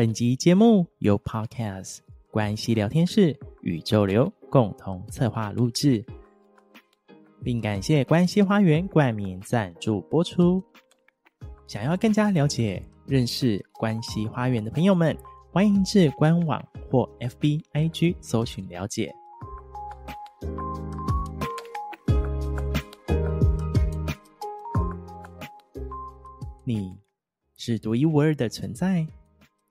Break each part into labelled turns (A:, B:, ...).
A: 本集節目由 Podcast 關係聊天室與宇宙流共同策劃錄製，並感謝關係花園冠名贊助播出。想要更加了解認識關係花園的朋友們，歡迎至官網或 FB IG 搜尋了解。你是獨一無二的存在。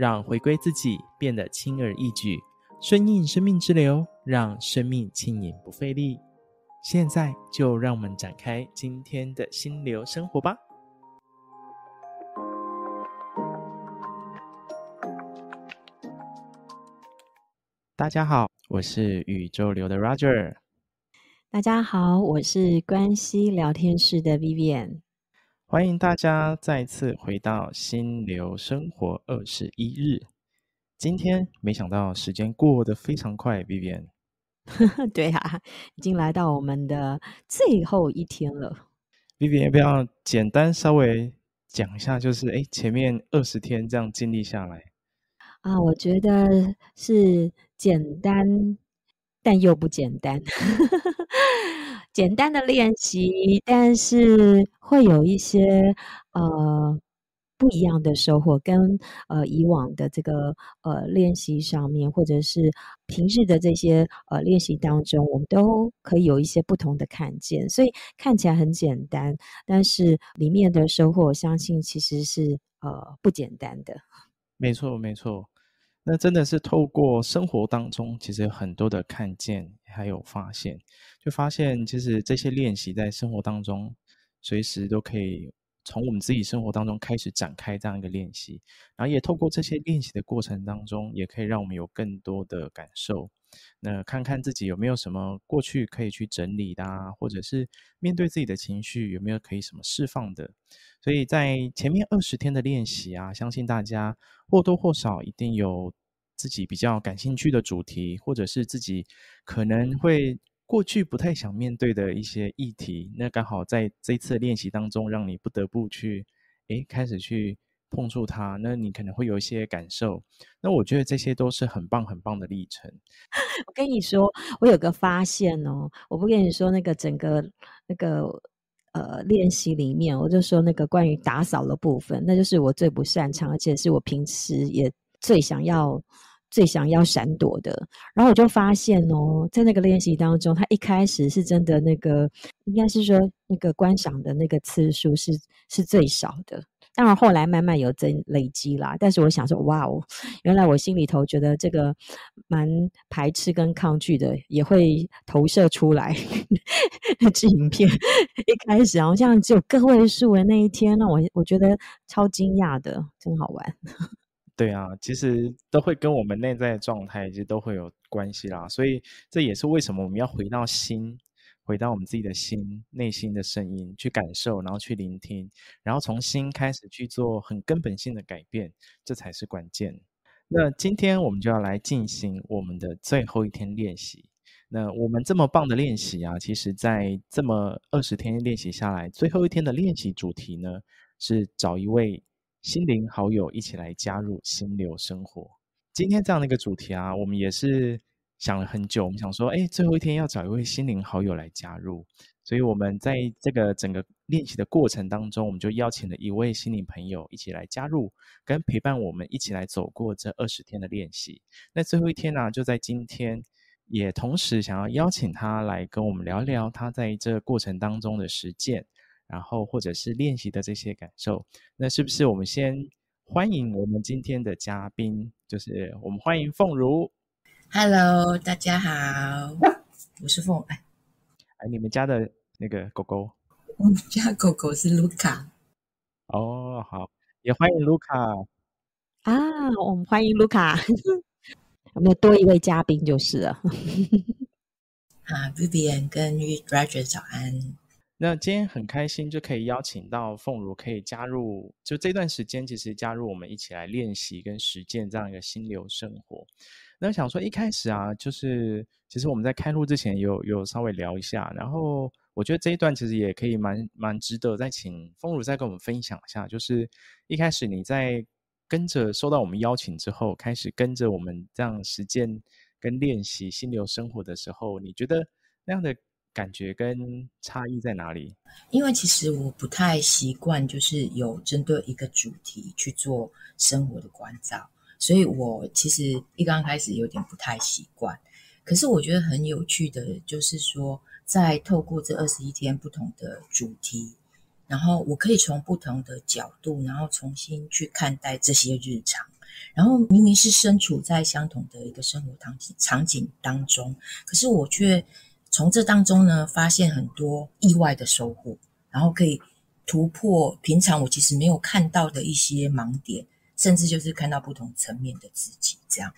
A: 讓回歸自己變得輕而易舉，順應生命之流，讓生命輕盈不費力。現在就讓我們展開今天的心流生活吧。大家好，我是宇宙流的 Roger。
B: 大家好，我是關係聊天室的 Vivian。歡迎大家再
A: 次回到心流生活二十一日。今天沒想到時間過得非常快，Vivian。
B: 對啊，已經來到我們的最後一天了。
A: Vivian，要不要簡單稍微講一下，就是哎，前面二十天這樣經歷下來。
B: 啊，我覺得是簡單。但又不簡單， 簡單的練習，但是會有一些呃不一樣的收穫，跟呃以往的這個呃練習上面，或者是平日的這些呃練習當中，我們都可以有一些不同的看見。所以看起來很簡單，但是裡面的收穫，我相信其實是呃不簡單的。
A: 沒錯，沒錯。那真的是透過生活當中，其實有很多的看見，還有發現，就發現其實這些練習在生活當中，隨時都可以從我們自己生活當中開始展開這樣一個練習，然後也透過這些練習的過程當中，也可以讓我們有更多的感受，那看看自己有沒有什麼過去可以去整理的啊，或者是面對自己的情緒有沒有可以什麼釋放的，所以在前面二十天的練習啊，相信大家或多或少一定有。自己比較感興趣的主題，或者是自己可能會過去不太想面對的一些議題，那剛好在這次練習當中，讓你不得不去，誒、欸、開始去碰觸它，那你可能會有一些感受。那我覺得這些都是很棒很棒的歷程 。
B: 我跟你說，我有個發現哦，我不跟你說那個整個那個呃練習裡面，我就說那個關於打掃的部分，那就是我最不擅長，而且是我平時也最想要。最想要閃躲的，然後我就發現哦，在那個練習當中，他一開始是真的那個，應該是說那個觀賞的那個次數是是最少的。當然後來慢慢有增累積啦，但是我想說，哇哦，原來我心裡頭覺得這個蠻排斥跟抗拒的，也會投射出來。 那支影片一開始好像只有個位數的那一天，那我我覺得超驚訝的，真好玩。
A: 對啊，其實都會跟我們內在的狀態，其實都會有關係啦。所以這也是為什麼我們要回到心，回到我們自己的心，內心的聲音去感受，然後去聆聽，然後從心開始去做很根本性的改變，這才是關鍵。那今天我們就要來進行我們的最後一天練習。那我們這麼棒的練習啊，其實在這麼二十天練習下來，最後一天的練習主題呢，是找一位。心靈好友一起來加入心流生活。今天這樣的一個主題啊，我們也是想了很久。我們想說，哎，最後一天要找一位心靈好友來加入，所以我們在這個整個練習的過程當中，我們就邀請了一位心靈朋友一起來加入，跟陪伴我們一起來走過這二十天的練習。那最後一天呢、啊，就在今天，也同時想要邀請他來跟我們聊一聊他在這個過程當中的實踐。然後，或者是練習的這些感受，那是不是我們先歡迎我們今天的嘉賓？就是我們歡迎鳳如。
C: Hello，大家好，啊、我是鳳哎。哎，你們
A: 家的那個狗狗？
B: 我們家的狗狗是盧卡。
A: 哦、oh，好，
B: 也歡迎盧卡。啊，我們歡迎盧卡， 我們多一位嘉賓就是了。 啊，Vivian 跟 Roger
C: 早安。
A: 那今天很開心，就可以邀請到鳳如可以加入，就這段時間，其實加入我們一起來練習跟實踐這樣一個心流生活。那想說一開始啊，就是其實我們在開錄之前有有稍微聊一下，然後我覺得這一段其實也可以蠻蠻值得再請鳳如再跟我們分享一下，就是一開始你在跟着收到我們邀請之後，開始跟着我們這樣實踐跟練習心流生活的時候，你覺得那樣的？感覺跟
C: 差異在哪裡？因為其實我不太習慣，就是有針對一個主題去做生活的關照，所以我其實一剛開始有點不太習慣。可是我覺得很有趣的，就是說在透過這二十一天不同的主題，然後我可以從不同的角度，然後重新去看待這些日常。然後明明是身處在相同的一個生活場景場景當中，可是我卻，從這當中呢，發現很多意外的收穫，然後可以突破平常我其實沒有看到的一些盲點，甚至就是看到不同層面的自己這樣。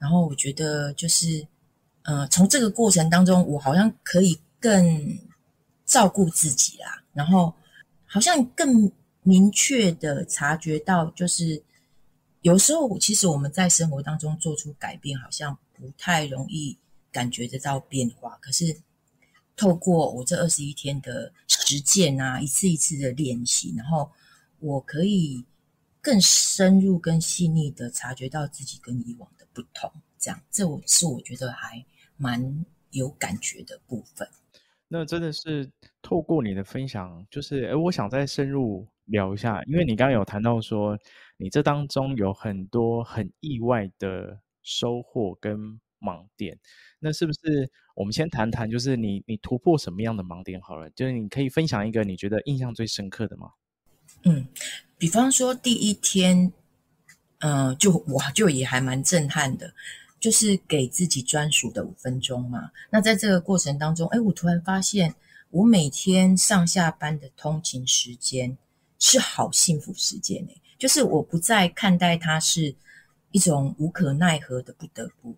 C: 然後我覺得就是，呃，從這個過程當中，我好像可以更照顧自己啦、啊，然後好像更明確的察覺到，就是有時候其實我們在生活當中做出改變，好像不太容易，感覺得到變化，可是透過我這二十一天的實踐啊，一次一次的練習，然後我可以更深入、更細膩的察覺到自己跟以往的不同。這樣，這我是我覺得還蠻有感覺的部分。那
A: 真的是透過你的分享，就是誒，我想再深入聊一下，因為你剛剛有談到說，你這當中有很多很意外的收穫跟。盲點，那是不是我們先談談？就是你，你突破什麼樣的盲點好了？就是你可以分享一個你覺得印象最深刻的嗎？嗯，
C: 比方說第一天，嗯、呃，就我就也還蠻震撼的，就是給自己專屬的五分鐘嘛。那在這個過程當中，哎、欸，我突然發現，我每天上下班的通勤時間是好幸福時間呢、欸。就是我不再看待它是一種無可奈何的不得不。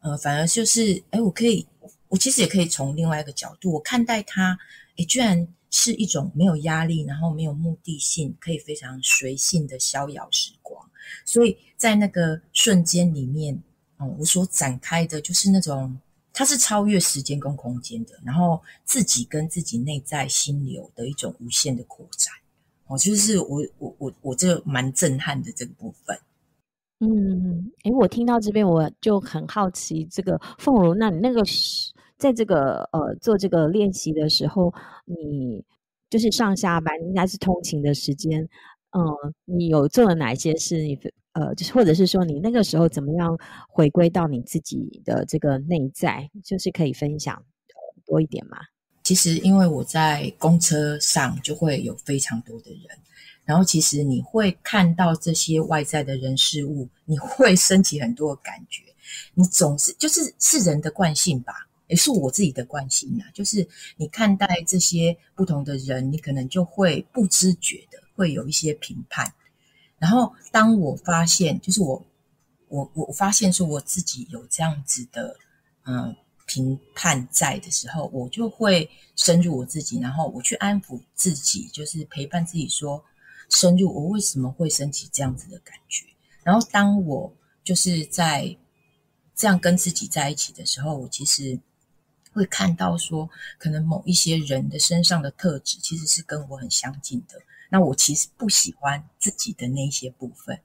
C: 呃，反而就是，哎，我可以我，我其實也可以從另外一個角度，我看待它，誒，居然是一種沒有壓力，然後沒有目的性，可以非常隨性的逍遙時光。所以在那個瞬間裡面，嗯，我所展開的就是那種，它是超越時間跟空間的，然後自己跟自己內在心流的一種無限的擴展。哦，就是我，我，我，我這蠻震撼的這個部分。
B: 嗯，欸，我聽到這邊我就很好奇，這個鳳如，那你那個是在這個呃做這個練習的時候，你就是上下班應該是通勤的時間，嗯、呃，你有做了哪些事？你呃，就是或者是說你那個時候怎麼樣回歸到你自己的這個內在，就是可以分享多一點嗎？其
C: 實，因為我在公車上就會有非常多的人。然後其實你會看到這些外在的人事物，你會升起很多的感覺。你總是就是是人的慣性吧，也是我自己的慣性啦、啊。就是你看待這些不同的人，你可能就會不知覺的會有一些評判。然後當我發現，就是我我我我發現說我自己有這樣子的嗯、呃、評判在的時候，我就會深入我自己，然後我去安撫自己，就是陪伴自己說。深入，我為什麼會升起這樣子的感覺？然後，當我就是在這樣跟自己在一起的時候，我其實會看到說，可能某一些人的身上的特質其實是跟我很相近的。那我其實不喜歡自己的那些部分，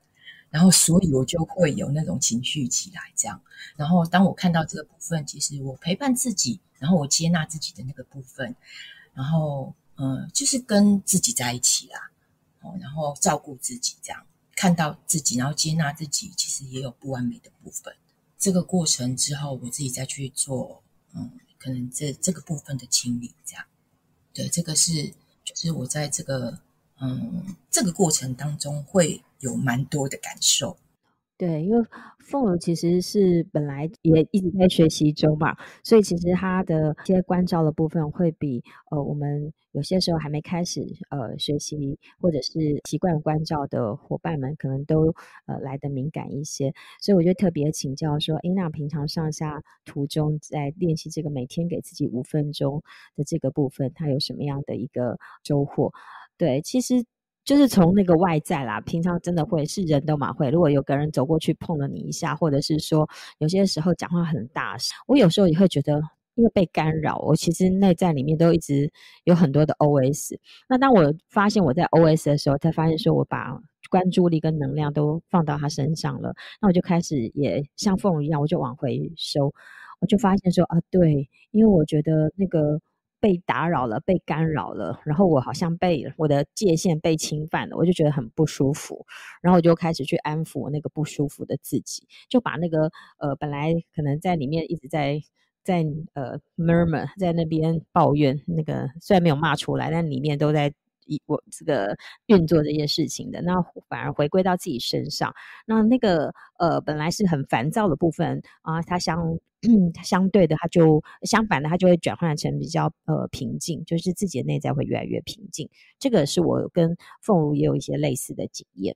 C: 然後，所以我就會有那種情緒起來這樣。然後，當我看到這個部分，其實我陪伴自己，然後我接納自己的那個部分，然後，嗯，就是跟自己在一起啦。然後照顧自己，這樣看到自己，然後接納自己，其實也有不完美的部分。這個過程之後，我自己再去做，嗯，可能這這個部分的清理，這樣，對，這個是就是我在這個嗯這個過程當中會
B: 有蠻多
C: 的感受。
B: 對，因為鳳兒其實是本來也一直在學習中嘛，所以其實他的一些關照的部分會比呃我們有些時候還沒開始呃學習或者是習慣關照的伙伴們，可能都呃來得敏感一些。所以我就特別請教說，誒，那平常上下途中在練習這個每天給自己五分鐘的這個部分，他有什麼樣的一個收穫？對，其實。就是從那個外在啦，平常真的會是人都蠻會。如果有個人走過去碰了你一下，或者是說有些時候講話很大聲，我有時候也會覺得因為被干擾，我其實內在裡面都一直有很多的 OS。那當我發現我在 OS 的時候，才發現說我把關注力跟能量都放到他身上了，那我就開始也像鳳一樣，我就往回收，我就發現說，啊，對，因為我覺得那個。被打擾了，被干擾了，然後我好像被我的界限，被侵犯了，我就覺得很不舒服，然後我就開始去安撫我那個不舒服的自己，就把那個呃本來可能在裡面一直在在呃 murmur 在那邊抱怨，那個雖然沒有罵出來，但裡面都在。一我這個運作這件事情的，那反而回歸到自己身上，那那個呃本來是很煩躁的部分啊，它相相對的，它就相反的，它就會轉換成比較呃平靜，就是自己的內在會越來越平靜。這個是我跟鳳如也有一些類似的經驗，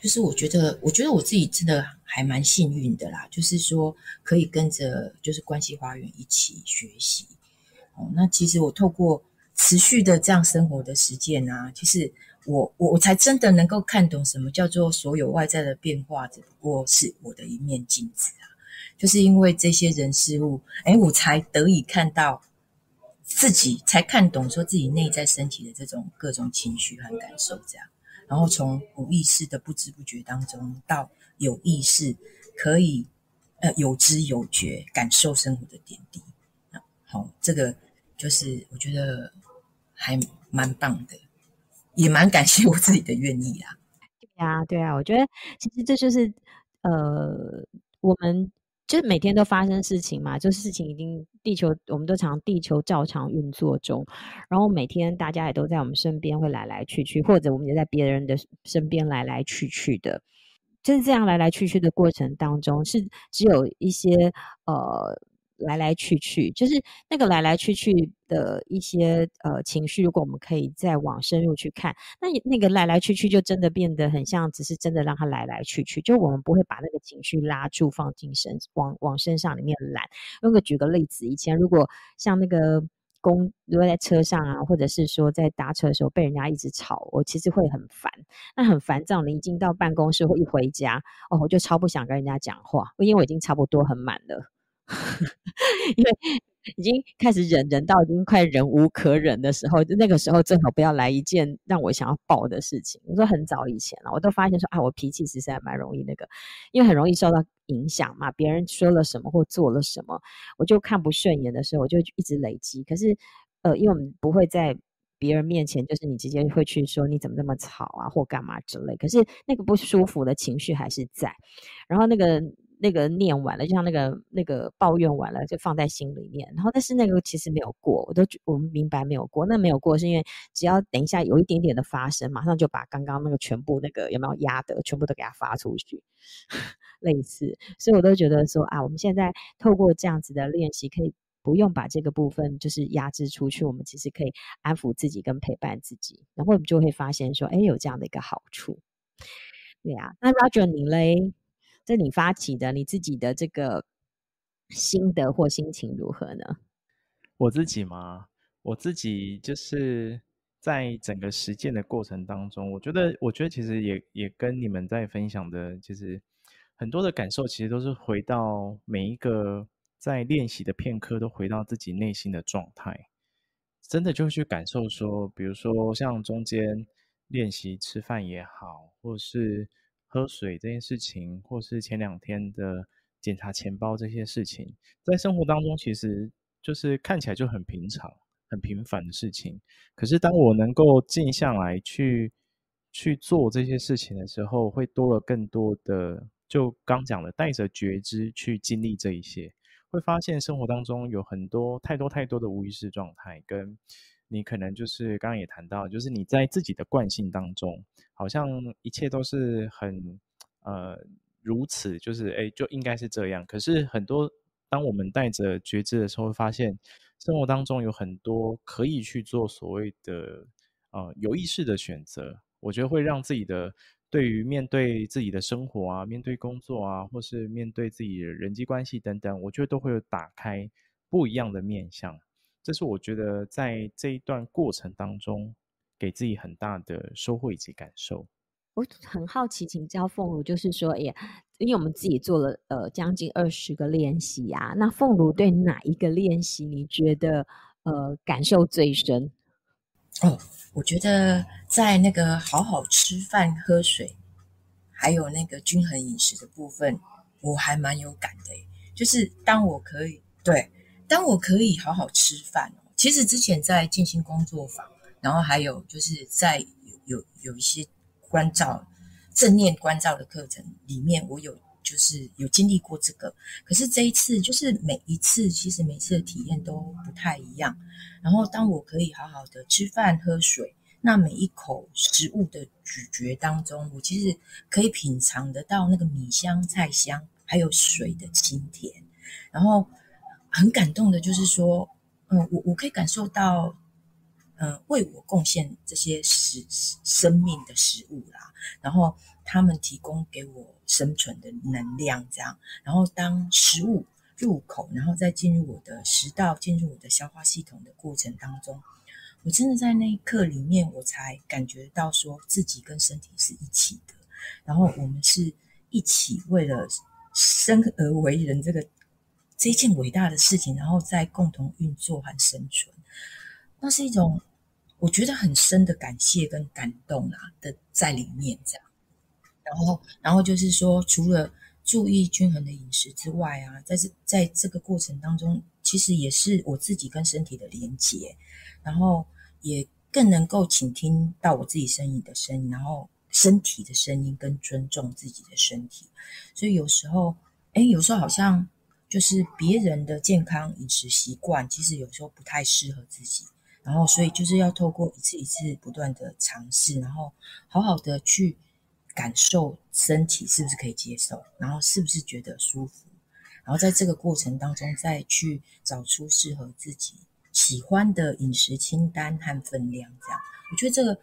C: 就是我覺得我覺得我自己真的還蠻幸運的啦，就是說可以跟着就是關係花園一起學習，哦、嗯，那其實我透過。持續的這樣生活的實踐啊，其實我我我才真的能夠看懂什麼叫做所有外在的變化，只不過是我的一面鏡子啊。就是因為這些人事物，哎，我才得以看到自己，才看懂說自己內在身體的這種各種情緒和感受這樣。然後從無意識的不知不覺當中，到有意識，可以呃有知有覺，感受生活的點滴啊。好，這個就是我覺得。還蠻棒的，也蠻感謝我自己的願意啊。
B: 對啊，對啊，我覺得其實這就是呃，我們就是每天都發生事情嘛，就事情已經地球，我們都常地球照常運作中，然後每天大家也都在我們身邊會來來去去，或者我們也在別人的身邊來來去去的，就是這樣來來去去的過程當中，是只有一些呃。來來去去，就是那個來來去去的一些呃情緒。如果我們可以再往深入去看，那那個來來去去就真的變得很像，只是真的讓它來來去去。就我們不會把那個情緒拉住，放進身，往往身上裡面攬。用個舉個例子，以前如果像那個公，如果在車上啊，或者是說在搭車的時候被人家一直吵，我其實會很煩。那很煩躁，你一進到辦公室或一回家，哦，我就超不想跟人家講話，因為我已經差不多很滿了。 因為已經開始忍忍到已經快忍無可忍的時候，就那個時候最好不要來一件讓我想要爆的事情。我說很早以前了，我都發現說，啊，我脾氣實在蠻容易那個，因為很容易受到影響嘛。別人說了什麼或做了什麼，我就看不順眼的時候，我就一直累積。可是，呃，因為我們不會在別人面前，就是你直接會去說你怎麼那麼吵啊，或幹嘛之類。可是那個不舒服的情緒還是在，然後那個。那個念完了，就像那個那個抱怨完了，就放在心裡面。然後，但是那個其實沒有過，我都我們明白沒有過。那沒有過是因為，只要等一下有一點點的發生，馬上就把剛剛那個全部那個有沒有壓的全部都給它發出去，類似。所以我都覺得說啊，我們現在透過這樣子的練習，可以不用把這個部分就是壓制出去，我們其實可以安撫自己跟陪伴自己，然後我們就會發現說，哎，有這樣的一個好處。對呀、啊，那 Roger 你嘞？這你發起的，你自己的這個心得或心情如何呢？
A: 我自己嘛，我自己就是在整個實踐的過程當中，我覺得，我覺得其實也也跟你們在分享的，就是很多的感受，其實都是回到每一個在練習的片刻，都回到自己內心的狀態，真的就去感受說，比如說像中間練習吃飯也好，或是。喝水這件事情，或是前兩天的檢查錢包這些事情，在生活當中其實就是看起來就很平常、很平凡的事情。可是，當我能夠靜下來去去做這些事情的時候，會多了更多的，就剛講的，帶着覺知去經歷這一些，會發現生活當中有很多、太多太多的無意識狀態跟。你可能就是剛剛也談到，就是你在自己的慣性當中，好像一切都是很呃如此，就是哎、欸、就應該是這樣。可是很多當我們帶着覺知的時候，發現生活當中有很多可以去做所謂的呃有意識的選擇。我覺得會讓自己的對於面對自己的生活啊、面對工作啊，或是面對自己的人際關係等等，我覺得都會有打開不一樣的面向。這是我覺得在這一段過程當中，給自己很大的收穫以及感受。
B: 我很好奇，請教鳳如就是說，哎，因為我們自己做了呃將近二十個練習呀，啊，那鳳如對哪一個練習你覺得呃感受最深？哦，
C: 我覺得在那個好好吃飯喝水，還有那個均衡飲食的部分，我還蠻有感的。就是當我可以對。當我可以好好吃飯，其實之前在靜心工作坊，然後還有就是在有有，有一些觀照正念觀照的課程裡面，我有就是有經歷過這個。可是這一次，就是每一次，其實每一次的體驗都不太一樣。然後，當我可以好好的吃飯，喝水，那每一口食物的咀嚼當中，我其實可以品嘗得到那個米香、菜香，還有水的清甜，然後。很感動的，就是說，嗯，我我可以感受到，嗯、呃，為我貢獻這些食生命的食物啦，然後他們提供給我生存的能量，這樣，然後當食物入口，然後再進入我的食道，進入我的消化系統的過程當中，我真的在那一刻裡面，我才感覺到說自己跟身體是一起的，然後我們是一起為了生而為人這個。這一件偉大的事情，然後再共同運作和生存，那是一種我覺得很深的感謝跟感動啊的在裡面這樣。然後，然後就是說，除了注意均衡的飲食之外啊，在這，在這個過程當中，其實也是我自己跟身體的連接，然後也更能夠傾聽到我自己身影的聲音，然後身體的聲音，跟尊重自己的身體。所以有時候，誒，有時候好像。就是別人的健康飲食習慣，其實有時候不太適合自己。然後，所以就是要透過一次一次不斷的嘗試，然後好好的去感受身體是不是可以接受，然後是不是覺得舒服。然後在這個過程當中，再去找出適合自己喜歡的飲食清單和分量。這樣，我覺得這個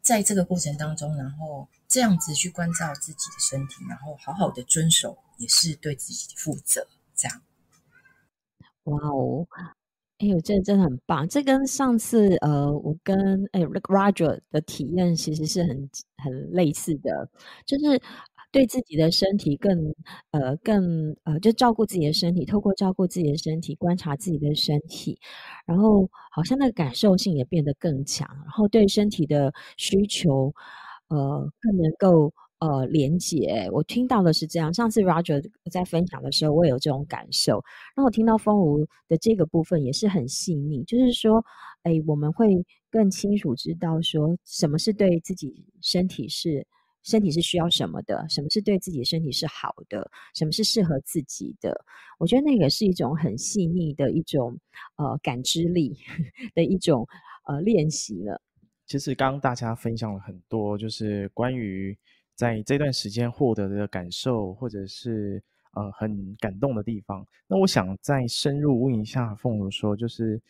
C: 在這個過程當中，然後這樣子去關照自己的身體，然後好好的遵守，也是對自己負責。
B: 這樣，哇、wow, 哦、欸！哎呦，這真的很棒。這跟上次呃，我跟哎、欸、Rick Roger 的體驗其實是很很類似的，就是對自己的身體更呃更呃，就照顧自己的身體，透過照顧自己的身體，觀察自己的身體，然後好像那個感受性也變得更強，然後對身體的需求呃更能夠。呃，連接。我聽到的是這樣。上次 Roger 在分享的時候，我也有這種感受。然後我聽到風如的這個部分也是很細膩，就是說，哎、欸，我們會更清楚知道說什麼是對自己身體是身體是需要什麼的，什麼是對自己身體是好的，什麼是適合自己的。我覺得那個是一種很細膩的一種呃感知力的一種呃練習了。其實剛剛大家分享了
A: 很多，就是關於。在這段時間獲得的感受，或者是呃很感動的地方，那我想再深入問一下鳳如說，就是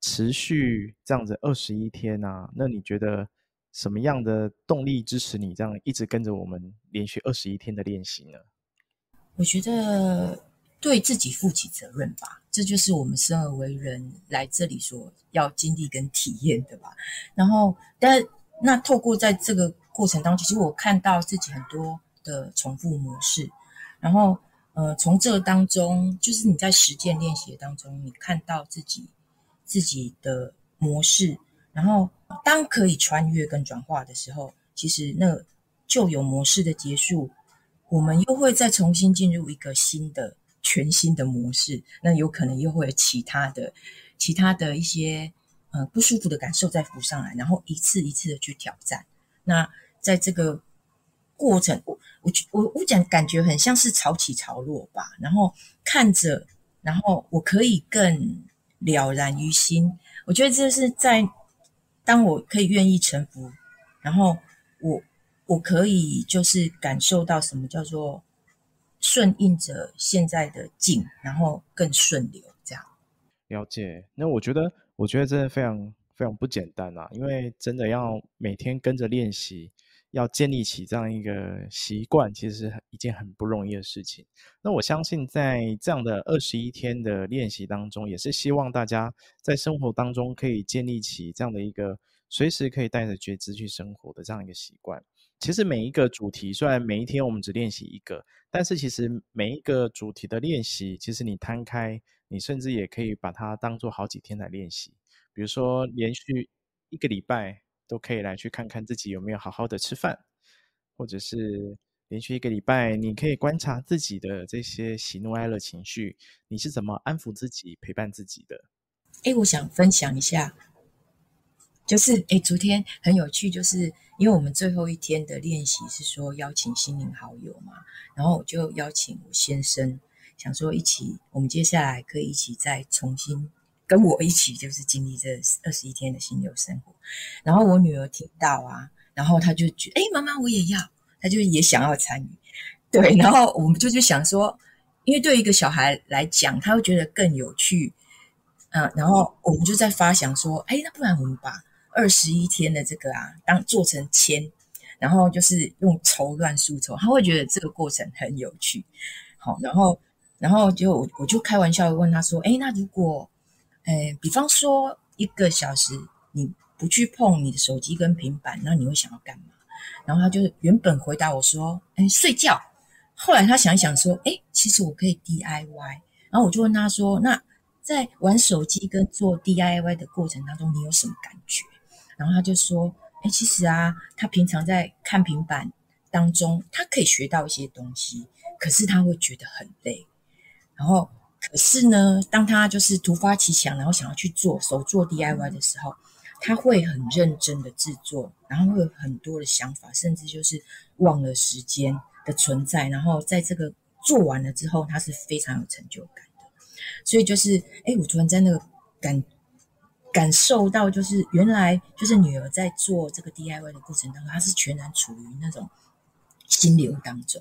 A: 持續這樣子二十一天啊，那你覺得什麼樣的動力支持你這樣一直跟着我們連續二十一天的練習呢？
C: 我覺得對自己負起責任吧，這就是我們生而為人來這裡說要經歷跟體驗的吧。然後，但那透過在這個。過程當中，其實我看到自己很多的重複模式，然後，呃，從這當中，就是你在實踐練習當中，你看到自己自己的模式，然後當可以穿越跟轉化的時候，其實那舊有模式的結束，我們又會再重新進入一個新的、全新的模式，那有可能又會有其他的、其他的一些呃不舒服的感受再浮上來，然後一次一次的去挑戰，那。在這個過程，我我我講感覺很像是潮起潮落吧，然後看着，然後我可以更了然於心。我覺得這是在，當我可以願意臣服，然後我我可以就是感受到什麼叫做順應着現在的境，然後更順流這樣。
A: 了解，那我覺得我覺得真的非常非常不簡單啦，啊，因為真的要每天跟着練習。要建立起這樣一個習慣，其實是很一件很不容易的事情。那我相信，在這樣的二十一天的練習當中，也是希望大家在生活當中可以建立起這樣的一個隨時可以帶着覺知去生活的這樣一個習慣。其實每一個主題，雖然每一天我們只練習一個，但是其實每一個主題的練習，其實你攤開，你甚至也可以把它當做好幾天來練習。比如說，連續一個禮拜。都可以來去看看自己有沒有好好的吃飯，或者是連續一個禮拜，你可以觀察自己的這些喜怒哀樂情緒，你是怎麼安撫自己、陪伴自己的？
C: 哎、欸，我想分享一下，就是哎、欸，昨天很有趣，就是因為我們最後一天的練習是說邀請心靈好友嘛，然後我就邀請我先生，想說一起，我們接下來可以一起再重新。跟我一起就是經歷這二十一天的心流生活，然後我女兒聽到啊，然後她就覺哎，媽、欸、媽我也要，她就也想要參與，對，然後我們就是想說，因為對一個小孩來講，他會覺得更有趣，嗯、呃，然後我們就在發想說，哎、欸，那不然我們把二十一天的這個啊當做成籤，然後就是用綢緞束綢，他會覺得這個過程很有趣，好，然後然後就我我就開玩笑的問他說，哎、欸，那如果欸，比方說一個小時，你不去碰你的手機跟平板，那你會想要幹嘛？然後他就原本回答我說，欸，睡覺。後來他想一想說，欸，其實我可以 DIY。然後我就問他說，那在玩手機跟做 DIY 的過程當中，你有什麼感覺？然後他就說，欸，其實啊，他平常在看平板當中，他可以學到一些東西，可是他會覺得很累。然後。可是呢，當他就是突發奇想，然後想要去做手做 DIY 的時候，他會很認真的制作，然後會有很多的想法，甚至就是忘了時間的存在。然後在這個做完了之後，他是非常有成就感的。所以就是，哎，我突然在那個感感受到，就是原來就是女兒在做這個 DIY 的過程當中，她是全然處於那種心流當中。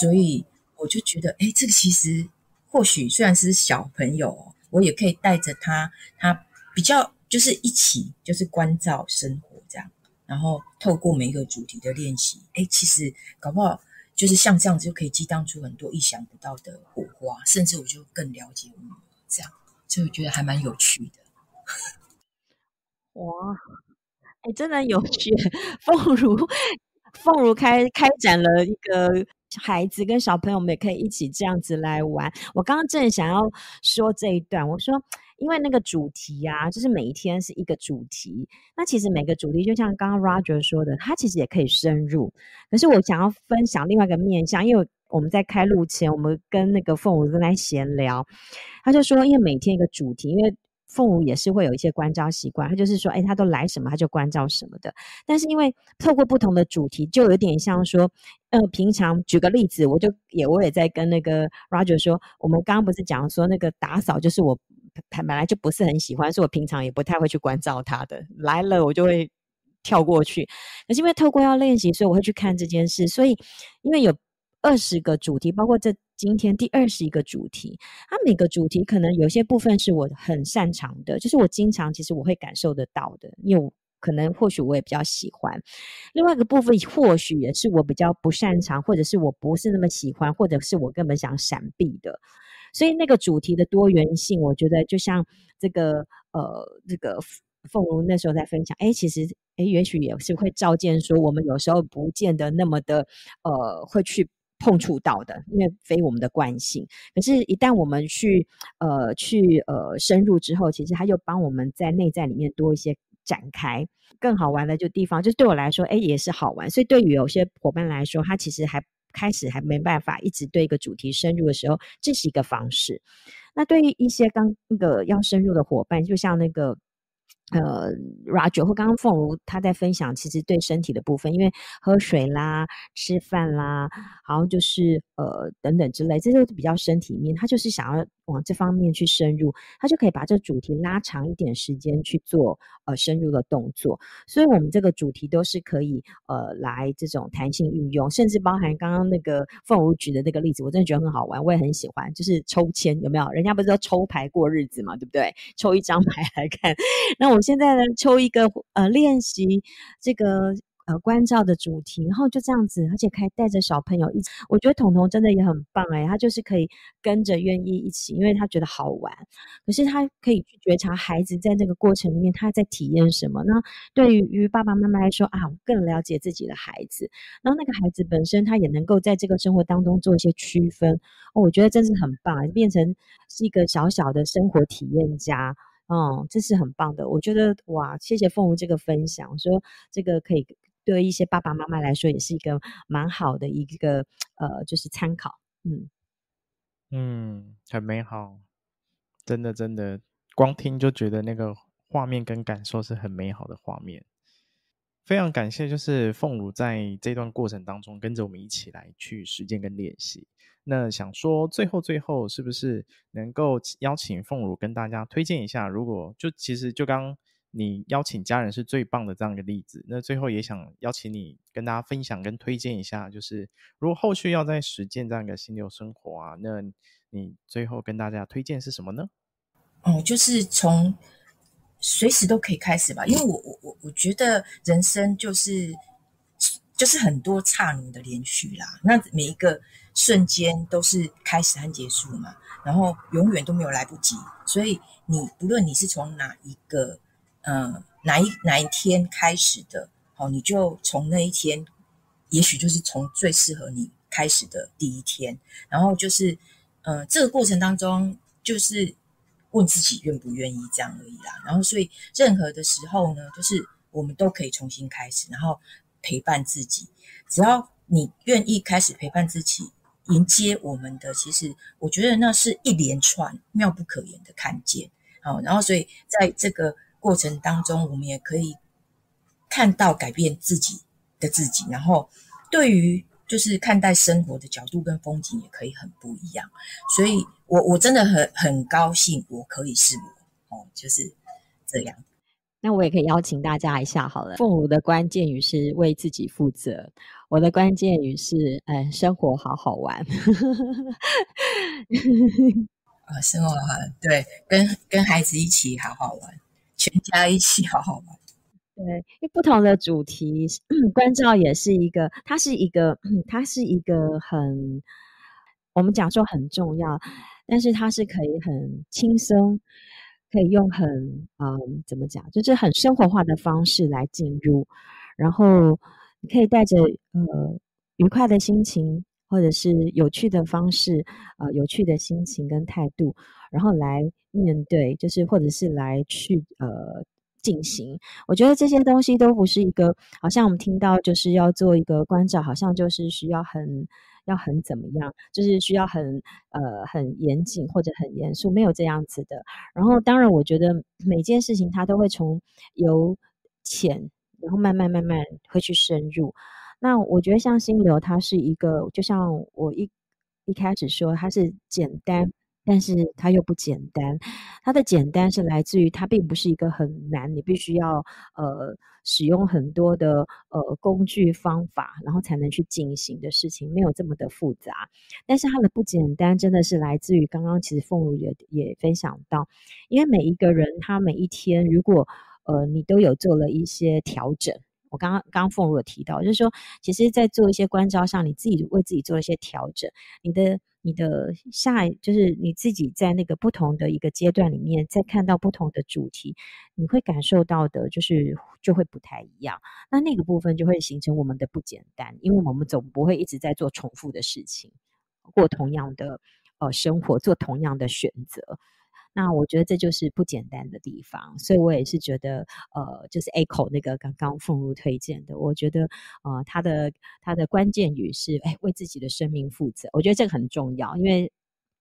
C: 所以我就覺得，哎，這個其實。或許雖然是小朋友，我也可以帶着他，他比較就是一起就是關照生活這樣，然後透過每一個主題的練習，哎、欸，其實搞不好就是像這樣子就可以激盪出很多意想不到的火花，甚至我就更了解我這樣，所以我覺得還蠻有趣的。
B: 哇，哎、欸，真的有趣，鳳如鳳如開開展了一個。孩子跟小朋友們也可以一起這樣子來玩。我剛剛正想要說這一段，我說因為那個主題啊，就是每一天是一個主題。那其實每個主題就像剛剛 Roger 說的，他其實也可以深入。可是我想要分享另外一個面向，因為我們在開錄前，我們跟那個鳳，母跟在閒聊，他就說，因為每天一個主題，因為。鳳舞也是會有一些關照習慣，他就是說，哎，他都來什麼，他就關照什麼的。但是因為透過不同的主題，就有點像說，呃，平常舉個例子，我就也我也在跟那個 Roger 說，我們剛剛不是講說那個打掃，就是我本來就不是很喜歡，所以我平常也不太會去關照他的，來了我就會跳過去。可是因為透過要練習，所以我會去看這件事。所以因為有二十個主題，包括這。今天第二十一個主題，它每個主題可能有些部分是我很擅長的，就是我經常其實我會感受得到的，因為我可能或許我也比較喜歡；另外一個部分或許也是我比較不擅長，或者是我不是那麼喜歡，或者是我根本想閃避的。所以那個主題的多元性，我覺得就像這個呃，這個鳳茹那時候在分享，哎，其實哎，也許也是會照見說，我們有時候不見得那麼的呃，會去。碰觸到的，因為非我們的慣性。可是，一旦我們去呃去呃深入之後，其實他就幫我們在內在裡面多一些展開。更好玩的就地方，就對我來說，哎，也是好玩。所以，對於有些夥伴來說，他其實還開始還沒辦法一直對一個主題深入的時候，這是一個方式。那對於一些剛那個要深入的夥伴，就像那個。呃，Roger 或剛剛鳳如他在分享，其實對身體的部分，因為喝水啦、吃飯啦，然後就是呃等等之類，這就比較身體面。他就是想要往這方面去深入，他就可以把這主題拉長一點時間去做呃深入的動作。所以，我們這個主題都是可以呃來這種彈性運用，甚至包含剛剛那個鳳如舉的那個例子，我真的覺得很好玩，我也很喜歡。就是抽籤有沒有？人家不是說抽牌過日子嘛，對不對？抽一張牌來看，那我。我現在呢，抽一個呃練習這個呃觀照的主題，然後就這樣子，而且可以帶着小朋友一起。我覺得彤彤真的也很棒欸，他就是可以跟着願意一起，因為他覺得好玩。可是他可以去覺察孩子在這個過程裡面他在體驗什麼？那對於爸爸媽媽來說啊，我更了解自己的孩子。然後那個孩子本身他也能夠在這個生活當中做一些區分。哦，我覺得真是很棒，變成是一個小小的生活體驗家。哦、嗯，這是很棒的，我覺得哇，謝謝鳳梧這個分享，說這個可以對一些爸爸媽媽來說也是一個蠻好的一個呃，就是參考，嗯
A: 嗯，很美好，真的真的，光聽就覺得那個畫面跟感受是很美好的畫面。非常感謝，就是鳳茹在這段過程當中跟着我們一起來去實踐跟練習。那想說最後最後是不是能夠邀請鳳茹跟大家推薦一下？如果就其實就剛,剛你邀請家人是最棒的這樣一個例子。那最後也想邀請你跟大家分享跟推薦一下，就是如果後續要再實踐這樣一個心流生活啊，那你最後跟大家推薦是什麼呢？
C: 哦、嗯，就是從。隨時都可以開始吧，因為我我我我覺得人生就是就是很多剎那的連續啦，那每一個瞬間都是開始和結束嘛，然後永遠都沒有來不及，所以你不論你是從哪一個嗯、呃、哪一哪一天開始的，好、哦，你就從那一天，也許就是從最適合你開始的第一天，然後就是嗯、呃、這個過程當中就是。問自己願不願意這樣而已啦。然後，所以任何的時候呢，就是我們都可以重新開始，然後陪伴自己。只要你願意開始陪伴自己，迎接我們的，其實我覺得那是一連串妙不可言的看見。好，然後所以在這個過程當中，我們也可以看到改變自己的自己。然後，對於。就是看待生活的角度跟風景也可以很不一樣，所以我我真的很很高興我可以是我哦，就是這樣。
B: 那我也可以邀請大家一下好了。父母的關鍵語是為自己負責，我的關鍵語是，嗯，生活好好玩。
C: 啊， 生活好，對，跟跟孩子一起好好玩，全家一起好好
B: 玩。對，因為不同的主題關照也是一個，它是一個，它是一個很我們講說很重要，但是它是可以很輕鬆，可以用很嗯怎麼講，就是很生活化的方式來進入，然後你可以帶着呃、嗯、愉快的心情，或者是有趣的方式，呃有趣的心情跟態度，然後來面對，就是或者是來去呃。進行，我覺得這些東西都不是一個，好像我們聽到就是要做一個觀照，好像就是需要很要很怎麼樣，就是需要很呃很嚴謹或者很嚴肅，沒有這樣子的。然後當然，我覺得每件事情它都會從由淺，然後慢慢慢慢會去深入。那我覺得像心流，它是一個，就像我一一開始說，它是簡單。但是它又不簡單，它的簡單是來自於它並不是一個很難，你必須要呃使用很多的呃工具方法，然後才能去進行的事情，沒有這麼的複雜。但是它的不簡單，真的是來自於剛剛其實鳳如也也分享到，因為每一個人他每一天如果呃你都有做了一些調整，我剛剛剛鳳如有提到，就是說其實在做一些關照上，你自己為自己做一些調整，你的。你的下一，就是你自己在那個不同的一個階段裡面，再看到不同的主題，你會感受到的就是就會不太一樣。那那個部分就會形成我們的不簡單，因為我們總不會一直在做重複的事情，過同樣的呃生活，做同樣的選擇。那我覺得這就是不簡單的地方，所以我也是覺得，呃，就是 Echo 那個剛剛鳳如推薦的，我覺得，呃，它的它的關鍵語是，哎，為自己的生命負責，我覺得這個很重要，因為，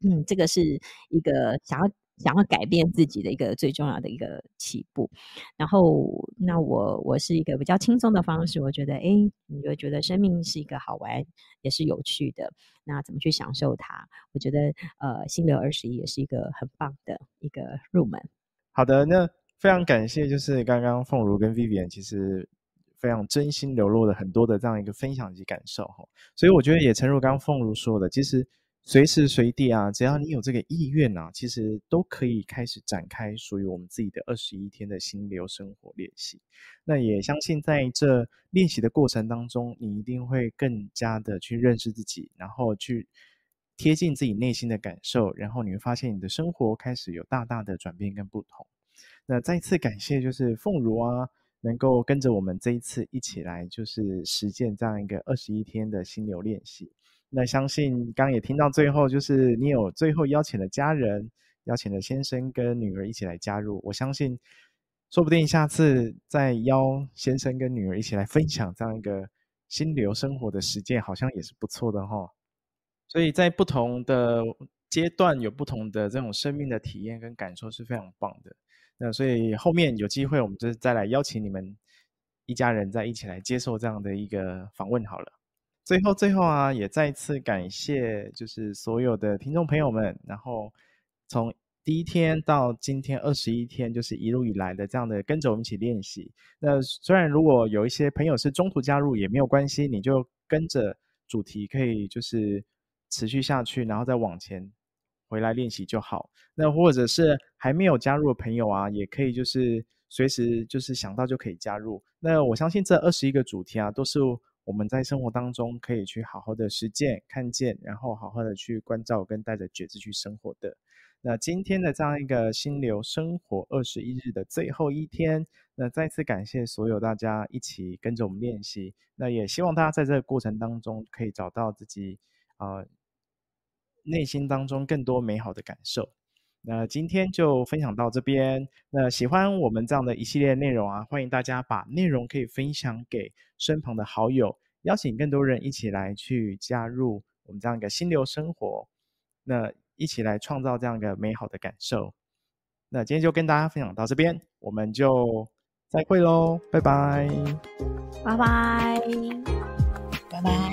B: 嗯，這個是一個想要，想要改變自己的一個最重要的一個起步，然後那我我是一個比較輕鬆的方式，我覺得哎、欸，你就覺得生命是一個好玩，也是有趣的，那怎麼去享受它？我覺得呃，心流二十一也是一個很棒的一個入門。
A: 好的，那非常感謝，就是剛剛鳳如跟 Vivian 其實非常真心流露的很多的這樣一個分享及感受哈，所以我覺得也誠如剛剛鳳如說的，其實。隨時隨地啊，只要你有這個意願啊，其實都可以開始展開屬於我們自己的二十一天的心流生活練習。那也相信在這練習的過程當中，你一定會更加的去認識自己，然後去貼近自己內心的感受，然後你會發現你的生活開始有大大的轉變跟不同。那再一次感謝，就是鳳如啊，能夠跟着我們這一次一起來，就是實踐這樣一個二十一天的心流練習。那相信剛剛也聽到最後，就是你有最後邀請的家人，邀請的先生跟女兒一起來加入。我相信，說不定下次再邀先生跟女兒一起來分享這樣一個心流生活的實踐，好像也是不錯的哈、哦。所以在不同的階段有不同的這種生命的體驗跟感受是非常棒的。那所以後面有機會，我們就再來邀請你們一家人再一起來接受這樣的一個訪問好了。最後，最後啊，也再一次感謝，就是所有的聽眾朋友們。然後，從第一天到今天二十一天，就是一路以來的這樣的跟着我們一起練習。那雖然如果有一些朋友是中途加入也沒有關係，你就跟着主題可以就是持續下去，然後再往前回來練習就好。那或者是還沒有加入的朋友啊，也可以就是隨時就是想到就可以加入。那我相信這二十一個主題啊，都是。我們在生活當中可以去好好的實踐、看見，然後好好的去關照跟帶着覺知去生活的。那今天的這樣一個心流生活二十一日的最後一天，那再次感謝所有大家一起跟着我們練習。那也希望大家在這個過程當中可以找到自己啊、呃、內心當中更多美好的感受。那今天就分享到這邊。那喜歡我們這樣的一系列內容啊，歡迎大家把內容可以分享給身旁的好友，邀請更多人一起來去加入我們這樣一個心流生活。那一起來創造這樣一個美好的感受。那今天就跟大家分享到這邊，我們就再會嘍，拜拜，
B: 拜拜，拜拜。